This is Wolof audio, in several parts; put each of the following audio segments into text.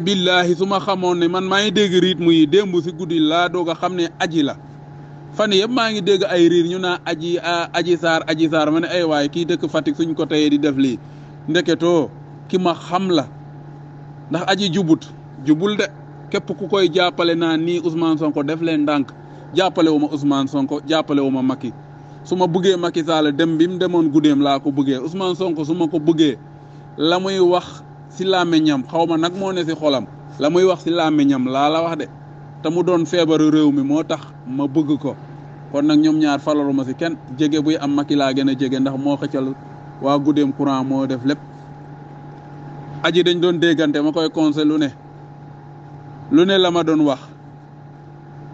billaahi su ma xamoon ne man maa ngi dégg rythme yi démb si guddi laa doog xam ne aji la fan yëpp maa ngi dégg ay riir ñu na aji aji saar aji saar ma ne ay waay kii dëkk Fatick suñ ko tayee di def lii ndeketoo ki ma xam la ndax aji jubut jubul de képp ku koy jàppale na nii Ousmane Sonko def leen ndànk jàppale wu ma Ousmane Sonko jàppale wu ma Macky su ma bëggee Macky Sall dem bi mu demoon guddeem laa ko bëggee Ousmane Sonko su ma ko bëggee la muy wax. ci làmmiñam xaw ma nag moo ne si xolam la muy wax si làmmiñam laa la wax de ta mu doon feebaru réew mi moo tax ma bëgg ko kon nag ñoom ñaar falalu ma si kenn jege buy am Macky laa gën a jege ndax moo xëccal waa guddeem courant moo def lépp aji dañ doon déggante ma koy conseil lu ne lu ne la ma doon wax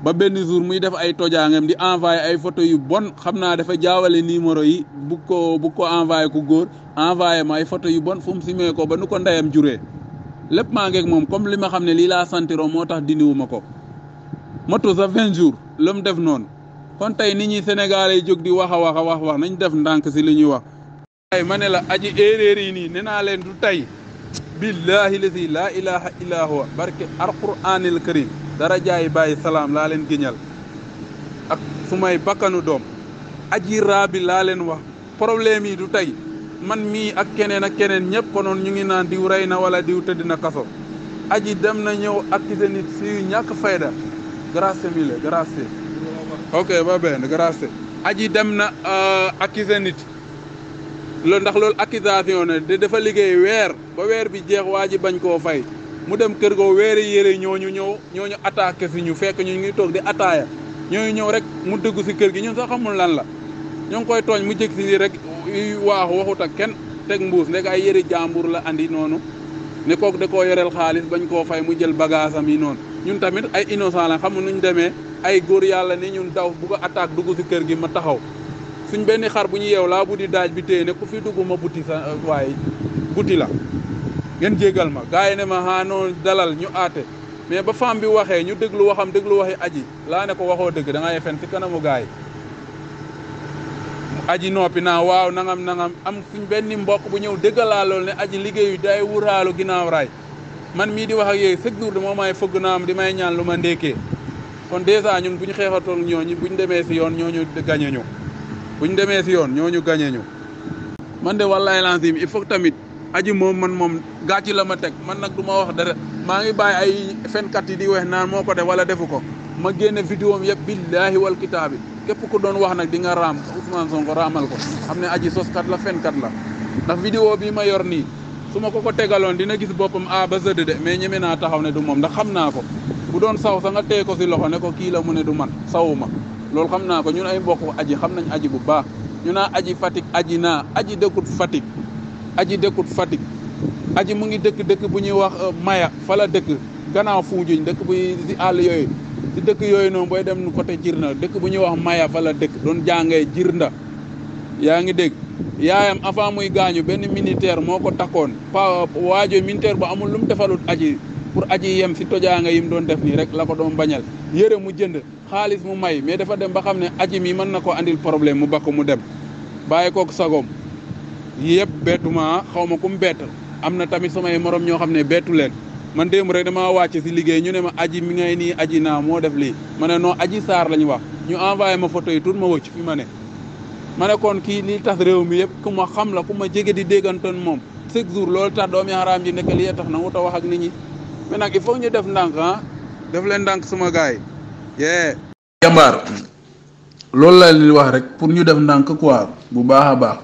ba benn jour muy def ay tojaangam di envoyé ay photo yu bon xam naa dafa jaawale numéro yi bu ko bu ko envoyé ku góor envoyé ma ay foto yu bon fu mu ko ba nu ko ndeyam juree lépp maa ngeeg moom comme li ma xam ne lii laa santiro moo tax dindiwu ma ko matu sa vingt jours la mu def noonu kon tey nit ñi Sénégalais jóg di wax a wax a wax wax def ndànk si li ñuy wax ay ma ne la aji éeréer yi nii nee naa leen du tey billaahi la si laa ilaha illa huwa barke alquraanil karim dara darajaay bàyyi salaam laa leen géñal ak su bakkanu doom aji raabi laa leen wax problème yi du tey man mii ak keneen ak keneen ñëpp konoon ñu ngi naan di rey na wala diw tëdd na kaso aji dem na ñëw ak nit si ñàkk fayda grâce mi la ok ba benn grâce aji dem na euh, accusé nit loolu ndax loolu accusation ne dafa liggéey weer ba weer bi jeex waa ji bañ koo fay mu dem kër goo weere yére ñooñu ñëw ñooñu attaqué si ñu fekk ñu ngi toog di attaaya ñoo ñëw rek mu dëgg si kër gi ñun sax xamul lan la ñoo koy tooñ mu jëkk si rek waaxu waxut ak kenn teg mbuus ndek ay yére jàmbur la andi noonu ne kook da koo yoreel xaalis bañ koo fay mu jël bagage am yi noonu ñun tamit ay innocent la xam nuñ demee ay góor yàlla ni ñun daw bu ko attaque dugg si kër gi ma taxaw suñ benn xar bu ñu yeew laa bu di daaj bi téye ne ma buti sa waaye buti la ngeen jégal ma gars yi ne ma xaanoo ah, dalal ñu aate mais ba femme bi waxee ñu déglu waxam déglu waxi aji laa ne ko waxoo dëgg da ngay fen ci kanamu gaay yi aji noppi naa waaw nangam nangam am suñ benn mbokk bu ñëw déggalaa lool ne aji liggéeyu day wuraalu ginnaaw raay man mii di wax ak yooyu chaque jour moo may fëgg naa am di may ñaan lu ma ndékkee kon dèjà ñun bu ñu xeexatoon ñooñu bu ñu demee si yoon ñoo gañe ñu bu ñu demee si yoon ñooñu gañe ñu man de wallaay lancim il faut tamit aji moom man moom gàcci la ma teg man nag du ma wax dara maa ngi bàyyi ay fenkat yi di weex naan moo ko def wala defu ko ma génne vidéo am yëpp billaahi wal kitaabi képp ku doon wax nag di nga raam Ousmane Sonko raamal ko xam ne aji soskat la fenkat la ndax vidéo bii ma yor nii su ko ko tegaloon dina gis boppam a ba zëdd de mais ñeme naa taxaw ne du moom ndax xam naa ko bu doon saw sa nga tee ko si loxo ne ko kii la mu ne du man sawuma loolu xam naa ko ñun ay mbokk aji xam nañ aji bu baax ñu naa aji Fatick aji naa aji dëkkut Fatick aji dëkkut Fatick aji mu ngi dëkk dëkk bu ñuy wax euh, Maya fala la dëkk gannaaw Fuujuñ dëkk bu si àll yooyu si dëkk yooyu noonu booy dem nu côté Jirnda dëkk bu ñuy wax Maya fala la dëkk doon jàngee Jirnda yaa ngi dégg yaayam avant muy gaañu benn militaire moo ko takkoon pa waajo militaire bu amul lu mu defalut aji pour aji yem si tojaanga yi mu doon def nii rek la ko doon bañal yére mu jënd xaalis mu may mais dafa dem ba xam ne aji mi mën na koo andil problème mu bakk mu dem bàyyi kook sagoom yëpp bettuma xaw ma ku mu bett am na tamit samay moroom ñoo xam ne bettu leen man dem rek dama wàcc si liggéey ñu ne ma aji mi ngay ni aji naa moo def lii ma ne non aji saar la ñu wax ñu envoyé ma photo yi tuut ma wëcc fi ma ne. ma ne kon kii lii tax réew mi yëpp ku ma xam la ku ma jege di déggantoon moom chaque jour loolu tax doomi xaraam ji nekk lii tax na wut a wax ak nit ñi mais nag il faut ñu def ndànk ah def leen ndànk sama gars yi. jàmbaar loolu laa li wax rek pour ñu def ndànk quoi bu baax a baax.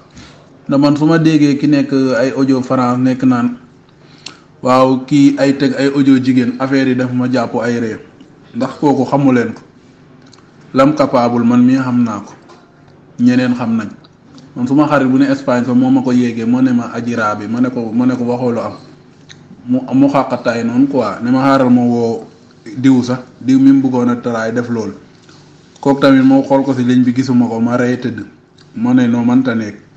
da man su ma déggee ki nekk ay audio France nekk naan waaw kii ay teg ay audio jigéen affaire yi daf ma jàpp ay ree ndax kooku xamu leen ko lam capable man mii xam naa ko ñeneen xam nañ man su ma xarit bu ne Espagne fa moo ma ko yéegee moo ne ma ajiraa bi ma ne ko ma ne ko waxoolu am mu mu xàqataay noonu quoi ne ma xaaral ma woo diw sax diw mi mu bëggoon a taraay def loolu kooku tamit moo xool ko si liñ bi gisuma ko ma rey tëdd ma ne noo mënta nekk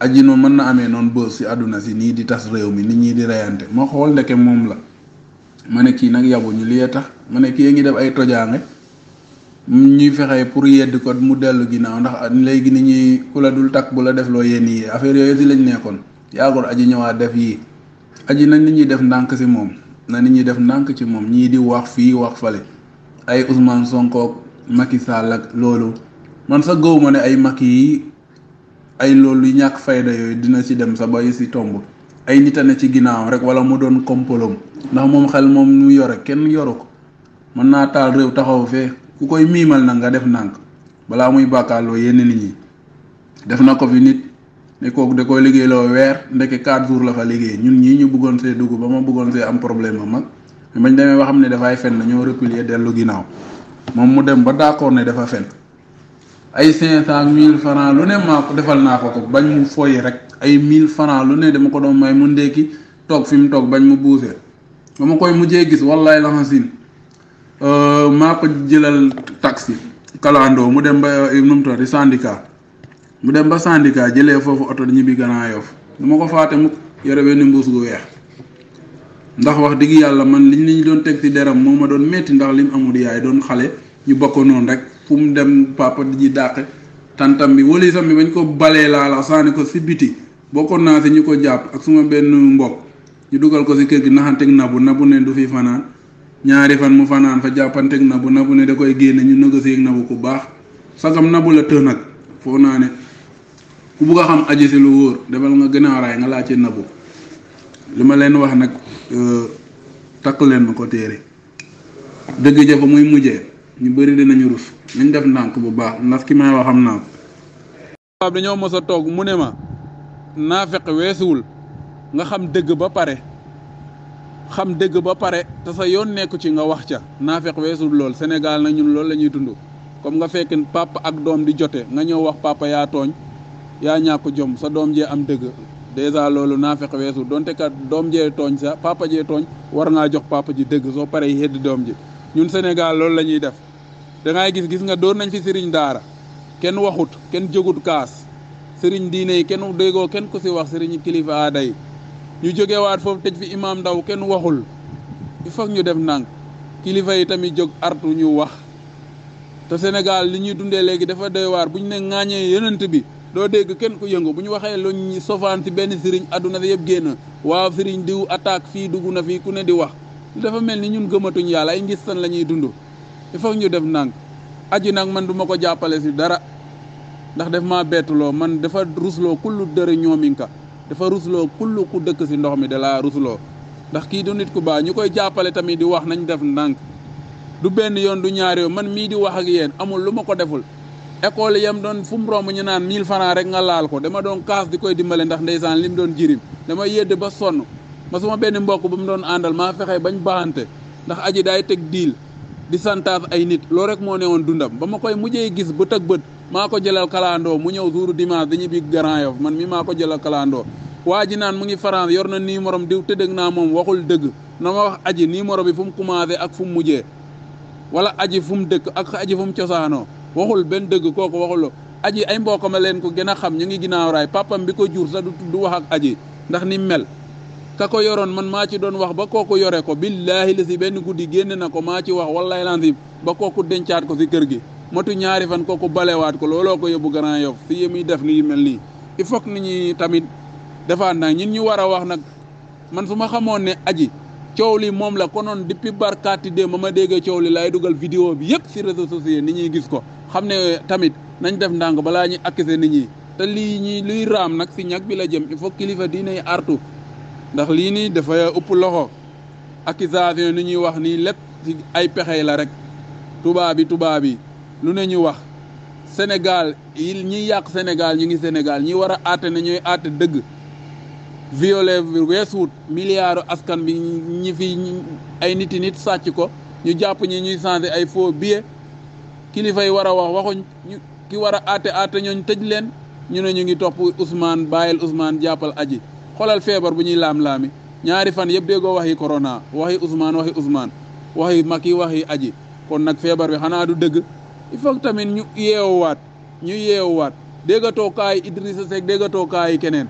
ajino mën na amee noonu bës si àdduna si nii di tas réew mi nit ñi di reyante ma xool ndeke moom la ma ne kii nag ñu lii tax ma ne kii ngi def ay tojaange ñuy fexe pour yedd ko mu dellu ginnaaw ndax léegi nit ñi ku la dul takk bu la def loo yenn yi affaire yooyu si lañ nekkoon yaagoon aji ñëwaat def yi aji na nit ñi def ndànk si moom na nit ñi def ndànk ci moom ñii di wax fii wax fale ay Ousmane sonkook Macky Sall ak loolu man sa gëw ne ay Macky yi ay loolu ñàkk fayda yooyu dina ci dem sa ba yi si tomb ay nit a ne ci ginnaawam rek wala mu doon kompolom ndax moom xel moom ñu yore kenn yoru ko mën naa taal réew taxaw fee ku koy miimal na nga def ndànk balaa muy bàkkaaloo yenn nit ñi def na ko fi nit ne kooku da koy liggéeyloo weer ndeke quatre jours la fa liggéey ñun ñii ñu bëggoon see dugg ba ma bëggoon see am problème ba mag bañ demee ba xam ne dafay fen dañoo reculer dellu ginnaaw moom mu dem ba d'accord ne dafa fen ay cinq cent mille franc lu ne maa ko defal naa ko ko bañ mu foyi rek ay mille franc lu ne dama ko doon may mu ndékki toog fi mu toog bañ mu buusee ba ma koy mujjee gis wallaay la xasin euh, maa ko jëlal taxi kalandoo mu dem ba euh, nu mu tuddati syndicat mu dem ba syndicat jëlee foofu oto ñibbi Grand Yoff dama ko faate mu yore benn mbuus gu weex ndax wax digg yàlla man li liñ ñu doon teg ci deram moo ma doon metti ndax lim amul yaay doon xale ñu bokk noonu rek fu mu dem papa di ji dàq tantam bi wala sam bi bañ ko balee laa la saani ko si biti bokkoon naa si ñu ko jàpp ak suma benn mbokk ñu dugal ko si kër gi naxanteeg nabu nabu ne du fi fanaan ñaari fan mu fanaan fa jàppanteeg nabu nabu ne da koy génne ñu négocier ak nabu ku baax sagam nabu la të nag foo naa ne ku bugg a xam aji si lu wóor defal nga gën a raay nga laajte nabu li ma leen wax nag euh, takk leen ma ko téere dëgg jafa muy mujjee ñu bëri dinañu rus nañ def ndànk bu baax ndax ki may wax xam naa ko. waaw dañoo mos a toog mu ne ma naa feq weesuwul nga xam dëgg ba pare xam dëgg ba pare te sa yoon nekku ci nga wax ca naa feq weesuwul lool Sénégal nag ñun loolu la ñuy dund comme nga fekk papa ak doom di jote nga ñëw wax papa yaa tooñ yaa ñàkk jom sa doom jee am dëgg. dèjà loolu naa fexe weesu donte kat doom jee tooñ sa papa jee tooñ war ngaa jox papa ji dëgg soo paree yeddi doom ji ñun Sénégal loolu la ñuy def da ngay gis gis nga door nañ fi sëriñ daara kenn waxut kenn jógut kaas sëriñ diine yi kenn déggoo kenn ku si wax sëriñ kilifa aada yi ñu jógewaat foofu tëj fi imaam ndaw kenn waxul il faut ñu def ndànk kilifa yi tamit jóg artu ñu wax te Sénégal li ñuy dundee léegi dafa doy waar bu ñu ne ŋaañee yonent bi doo dégg kenn ku yëngu bu ñu waxee luñ sofaan ci benn sëriñ àdduna si yëpp génn waaw sëriñ diw attaque fii dugg na fii ku ne di wax dafa mel ni ñun gëmatuñ yàlla ay ngistan la ñuy dund il faut ñu def nang aji nag man duma ko jàppale si dara ndax def ma bettuloo man dafa rusloo kullu dëri ñoominka dafa rusloo kullu ku dëkk si ndox mi da laa rusloo ndax kii du nit ku baa ñu koy jàppale tamit di wax nañ def ndànk du benn yoon du ñaari man mii di wax ak yéen amul lu ma ko deful école yam doon fu mu romb ñu naan miil francs rek nga laal ko dama doon kaas di koy dimbale ndax ndeysaan li mu doon jirim dama yedd ba sonn ma suma benn mbokk bu mu doon àndal maa fexe bañ baaxante ndax aji daay teg diil di santaas ay nit loolu rek moo ne newoon dundam ba ma koy mujjee gis bët ak bët maa ko jëlal kalandoo mu ñëw jour dimanche dañuy bi Grand Yoff man mi maa ko jëlal kalandoo waa ji naan mu ngi France yor na numéro diw tëddëg naa moom waxul dëgg na ma wax aji numéro bi fu mu commencé ak fu mu mujjee wala aji fu mu dëkk ak aji fu mu cosaanoo waxul benn dëgg kooko waxul aji ay mbokk ma leen ko gën a xam ñu ngi ginnaaw raay papam bi ko jur sax du wax ak aji ndax ni mel ka ko yoroon man maa ci doon wax ba kooku yore ko billaahi la si benn guddi génne na ko maa ci wax wallahi landim ba kooku dencaat ko si kër gi matu ñaari fan kooku balewaat ko looloo ko yóbbu Grand Yoff si yémuy def lii mel nii il faut que ñi tamit defaan nag ñun ñu war a wax nag man su ma xamoon ne aji coow li moom la konoon depuis barkaati dee ma ma déggee coow li laay dugal vidéo bi yëpp si réseaux sociaux ni ñuy gis ko xam ne tamit nañ def ndànk balaa ñuy accuser nit ñi te lii ñi luy nag si ñag bi la jëm il faut kilifa diinay artu ndax lii nii dafa ëpp loxo accusation nu ñuy wax nii lépp ay pexe la rek tubaab yi tubaab yi lu ne ñuy wax Sénégal yi ñiy yàq Sénégal ñu ngi Sénégal ñi war a àtte ne ñooy dëgg dëgg violé weesuut milliards askan bi ñi fi ay nit yi sàcc ko ñu jàpp ñi ñuy changé ay faux billets kilifa yi war a wax waxuñ ki war a àtte àtte ñooñ tëj leen ñu ne ñu ngi topp usmaan bàyyil Ousmane jàppal aji xolal feebar bu ñuy laam-laami ñaari fan yëpp déggoo waxi corona waxi Ousmane waxi Ousmane waxi Macky waxi aji kon nag feebar bi xanaa du dëgg il faut tamit ñu yeewaat ñu yeewaat déggatoo kaay Idrissa Seck déggatoo kaay keneen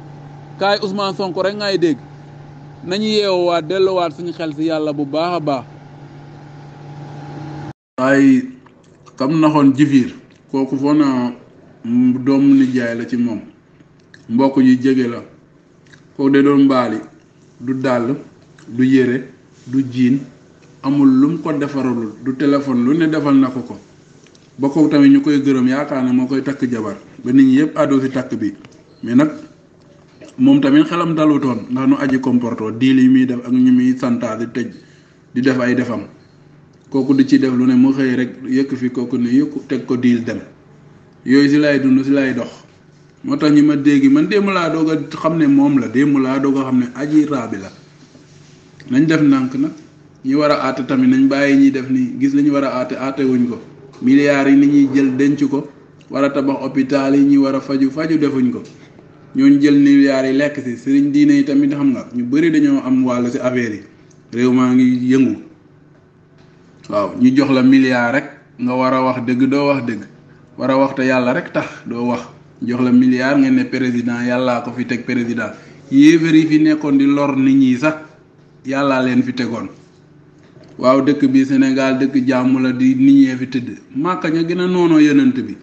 kaay Ousmane Sonko rek ngay dégg nañu yeewaat delluwaat suñu xel si yàlla bu baax a baax. kam naxoon jifiir kooku foo naa doom nijaay la ci moom mbokk yi jege la. kooku de doon mbaali du dàll du yére du jiin amul lu ko defaralul du téléphone lu ne defal na ko ko ba kooku tamit ñu koy gërëm yaakaar ne moo koy takk jabar ba nit ñi yëpp àddoo si takk bi mais nag moom tamit xelam dalutoon ndax nu aji comporto diil yi muy def ak ñu muy santaa di tëj di def ay defam kooku di ci def lu ne mu xëy rek yëkk fi kooku ne yëkku teg ko diil dem yooyu si lay dund si lay dox moo tax ñi ma dégg man démb laa doog a xam ne moom la démb laa doog a xam ne aji raabi la nañ def ndànk na ñi war a aate tamit nañ bàyyi ñuy def nii gis lañu war a aate aate ko milliards yi ni ñuy jël denc ko war a tabax yi ñi war a faju faju defuñ ko ñooñu jël milliards yi lekk si sëriñ diine yi tamit xam nga ñu bëri dañoo am wàll si affaire yi réew maa ngi yëngu waaw ñu jox la milliard rek nga war a wax dëgg doo wax dëgg war a wax yàlla rek tax doo wax jox la milliard ngeen ne président yàllaa ko fi teg président yéefar yi fi nekkoon di lor nit ñi sax yàllaa leen fi tegoon waaw dëkk bi Sénégal dëkk jàmm la di nit ñee fi tëdd màkka ña gën a noonoo yenant bi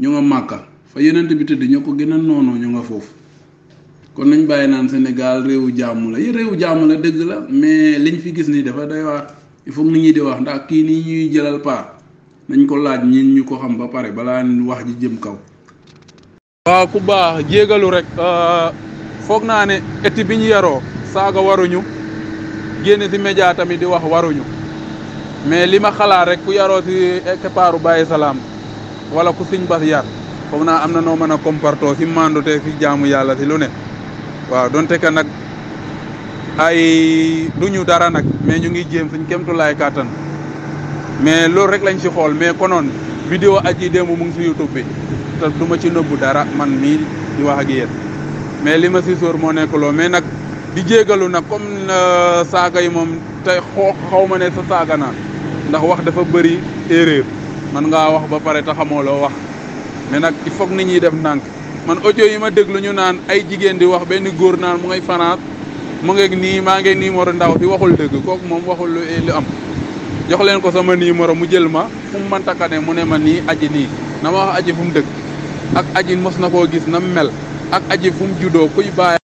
ñu nga màkka fa yenant bi tëdd ñoo ko gën a noonoo ñu nga foofu kon nañu bàyyi naan Sénégal réewu jàmm la yi réewu jàmm la dëgg la mais liñ fi gis nii dafa day waar il faut nit ñi di wax ndax kii nii ñuy jëlal paar nañ ko laaj ñin ñu ko xam ba pare balaa wax ji jëm kaw waaw ku baax jégalu rek euh, foog naa ne eti bi ñu yaroo saaga waruñu génn si média tamit di wax waruñu mais li ma xalaat rek ku yaroo si keppaaru bàyyi salaam wala ku siñ bas yar foog naa am na noo mën a comportoo si mandute si jaamu yàlla si lu ne waaw donte que nag ay duñu dara nag mais ñu ngi jéem suñ kemtulaay kàttan mais loolu rek lañ si xool mais konoon vidéo aji démb mu ngi si YouTube bi te du ma ci nëbbu dara man mii di wax ak yéen mais li ma si sóor moo nekkuloo loo mais nag di jégalu nag comme euh, saaga yi moom te xoo xaw ma ne sa saaga naan ndax wax dafa bëri erreur man nga wax ba pare te xamoo loo wax mais nag il foog nit ñi def ndànk man audio yi ma déglu ñu naan ay jigéen di wax benn góor naan mu ngay France mu ngeeg nii maa ngeen nii Mor Ndaw fi waxul dëgg kooku moom waxul lu am jox leen ko sama numéro mu jël ma fu mu mënta ne mu ne ma nii aji nii na ma wax aji fu mu dëkk ak aji mos na koo gis na mu mel ak aji fu mu juddoo kuy bàyyi.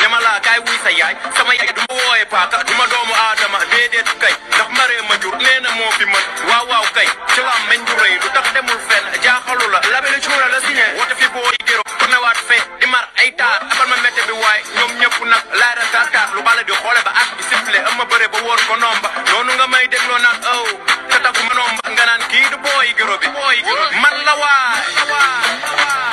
ne ma laa kaay wuy sa yaay sama yaay du ma wooyee paaka du ma doomu aadama déedéet kay ndax maree ma jur nee na moo fi mën waaw waaw kay ci laam meñ du rëy lu tax demul fenn jaaxalu la labelu cuura la signé woote fi booy gero na waat fee mar ay taar a ma métte bi waaye ñoom ñëpp nag laara tartaar lu bala di xoole ba at bi sifflé am ma bëre ba wóor ko nomba noonu nga may dégloo naan aw oh, te taku ma nomba nga naan kii du booy gëro bi man la waay